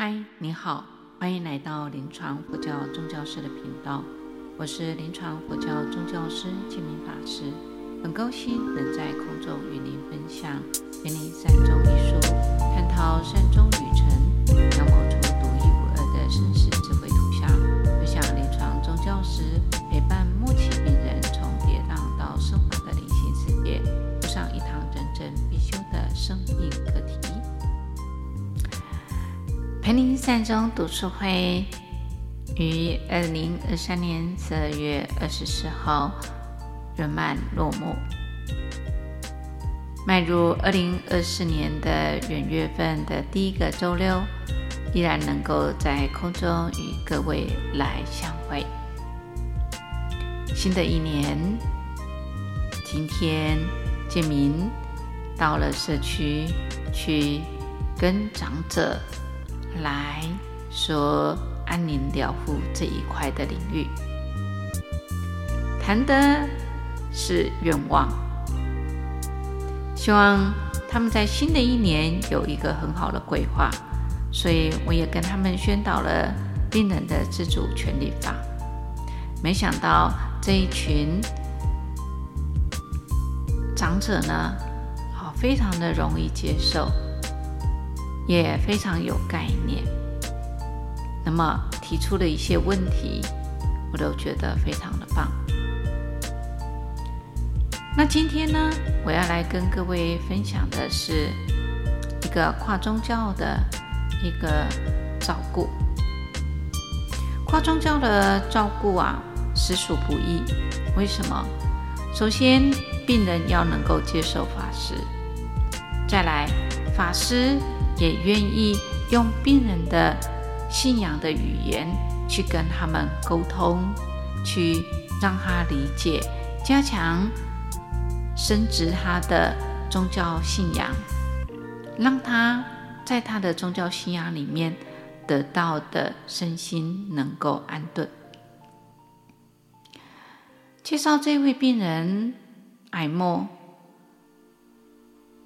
嗨，Hi, 你好，歡迎來到臨床佛教宗教師的頻道，我是臨床佛教宗教師清明法師，很高興能在空中與您分享《給您山中一書》，探討山中旅程。善終讀書會於二零二三年十二月二十四號圓滿落幕。邁入二零二四年的元月份的第一個周六，依然能夠在空中與各位來相會。新的一年，今天建民到了社區去跟長者。來說安寧療護這一塊的領域，談的是願望，希望他們在新的一年有一個很好的規劃，所以我也跟他們宣導了病人的自主權利法。沒想到這一群長者呢，啊，非常的容易接受。也非常有概念，那麼提出的一些問題，我都覺得非常的棒。那今天呢，我要來跟各位分享的是一個跨宗教的一個照顧。跨宗教的照顧啊，實屬不易。為什麼？首先，病人要能夠接受法師；再來，法師。也願意用病人的信仰的語言去跟他們溝通，去讓他理解，加強、深知他的宗教信仰，讓他在他的宗教信仰裡面得到的身心能夠安頓。介紹這位病人 M，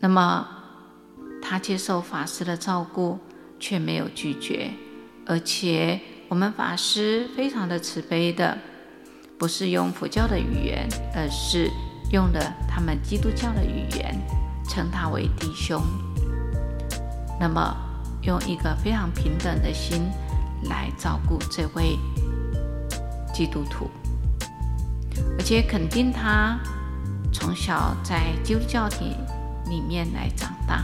那麼。他接受法師的照顧，卻沒有拒絕。而且，我們法師非常的慈悲的，不是用佛教的語言，而是用了他們基督教的語言，稱他為弟兄。那麼，用一個非常平等的心來照顧這位基督徒，而且肯定他從小在基督教體裡面來長大。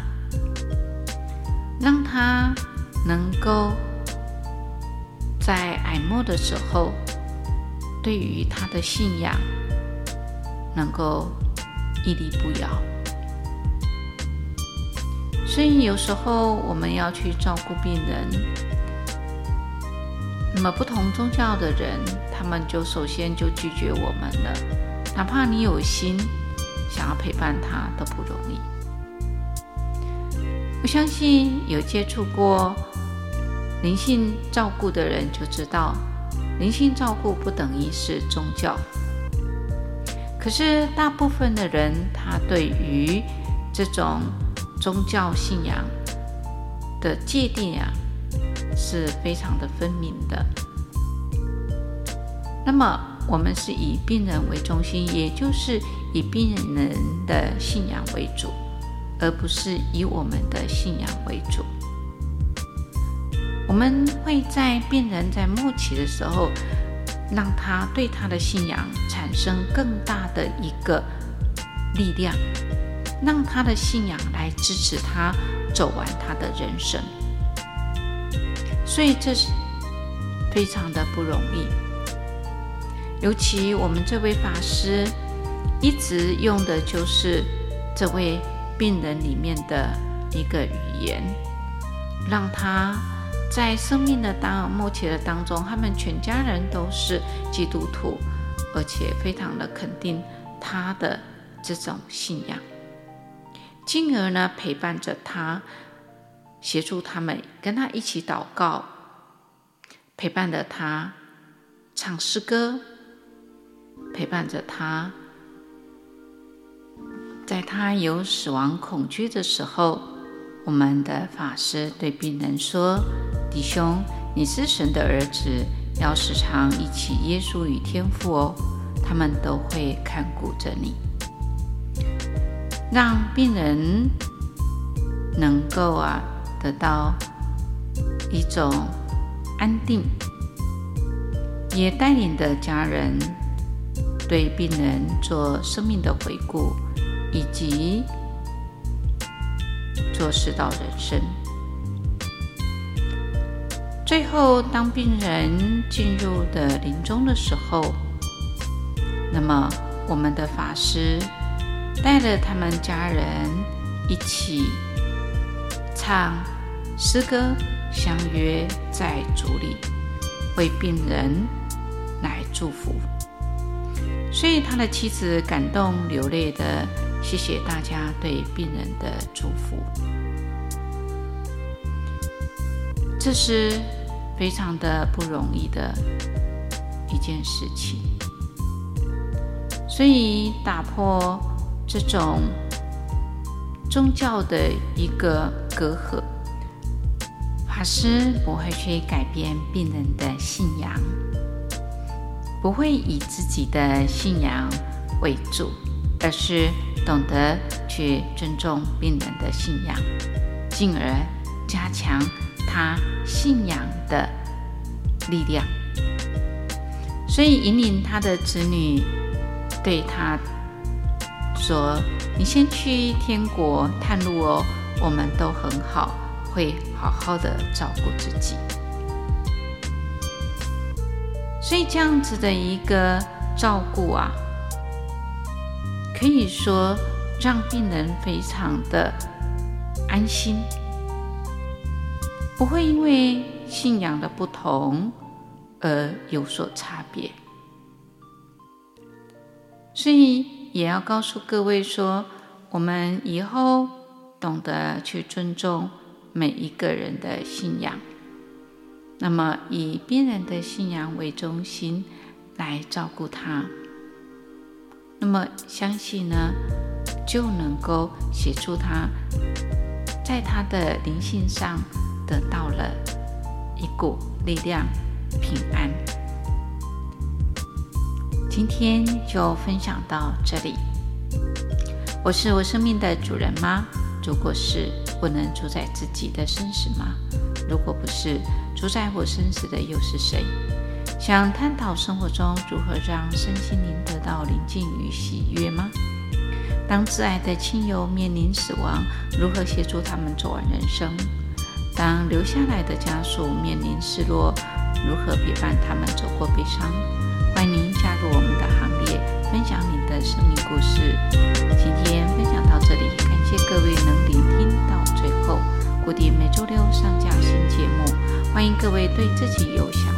讓他能夠在癌末的時候，對於他的信仰能夠屹立不搖。所以有時候我們要去照顧病人，那麼不同宗教的人，他們就首先就拒絕我們了。哪怕你有心想要陪伴他，都不容易。我相信有接觸過靈性照顧的人就知道，靈性照顧不等於是宗教。可是大部分的人，他對於這種宗教信仰的界定啊，是非常的分明的。那麼，我們是以病人為中心，也就是以病人的信仰為主。而不是以我們的信仰為主，我們會在病人在末期的時候，讓他對他的信仰產生更大的一個力量，讓他的信仰來支持他走完他的人生。所以這是非常的不容易，尤其我們這位法師一直用的就是這位。病人裡面的一個語言，讓他在生命的當、目前的當中，他們全家人都是基督徒，而且非常的肯定他的這種信仰，進而呢陪伴着他，協助他們跟他一起禱告，陪伴着他唱詩歌，陪伴着他。在他有死亡恐懼的時候，我們的法師對病人說：“弟兄，你是神的兒子，要時常憶起耶穌與天父哦，他們都會看顧着你，讓病人能夠啊得到一種安定，也帶領著家人對病人做生命的回顧。”以及做事到人生，最後當病人進入的臨終的時候，那麼我們的法師帶着他們家人一起唱詩歌，相約在主裡為病人來祝福，所以他的妻子感動流淚的。謝謝大家對病人的祝福，這是非常的不容易的一件事情。所以，打破這種宗教的一個隔閡，法師不會去改變病人的信仰，不會以自己的信仰為主，而是。懂得去尊重病人的信仰，進而加強他信仰的力量。所以，引領他的子女對他說：“你先去天國探路哦，我們都很好，會好好的照顧自己。”所以，這樣子的一個照顧啊。可以說，讓病人非常的安心，不會因為信仰的不同而有所差別。所以，也要告訴各位說，我們以後懂得去尊重每一個人的信仰，那麼以病人的信仰為中心來照顧他。那麼，相信呢，就能夠協助他，在他的靈性上得到了一股力量，平安。今天就分享到這裡。我是我生命的主人嗎？如果是，我能主宰自己的生死嗎？如果不是，主宰我生死的又是誰？想探討生活中如何讓身心靈得到寧靜與喜悅嗎？當摯愛的親友面臨死亡，如何協助他們走完人生？當留下來的家屬面臨失落，如何陪伴他們走過悲傷？歡迎您加入我們的行列，分享您的生命故事。今天分享到這裡，感謝各位能聆聽到最後。固定每周六上架新節目，歡迎各位對自己有想。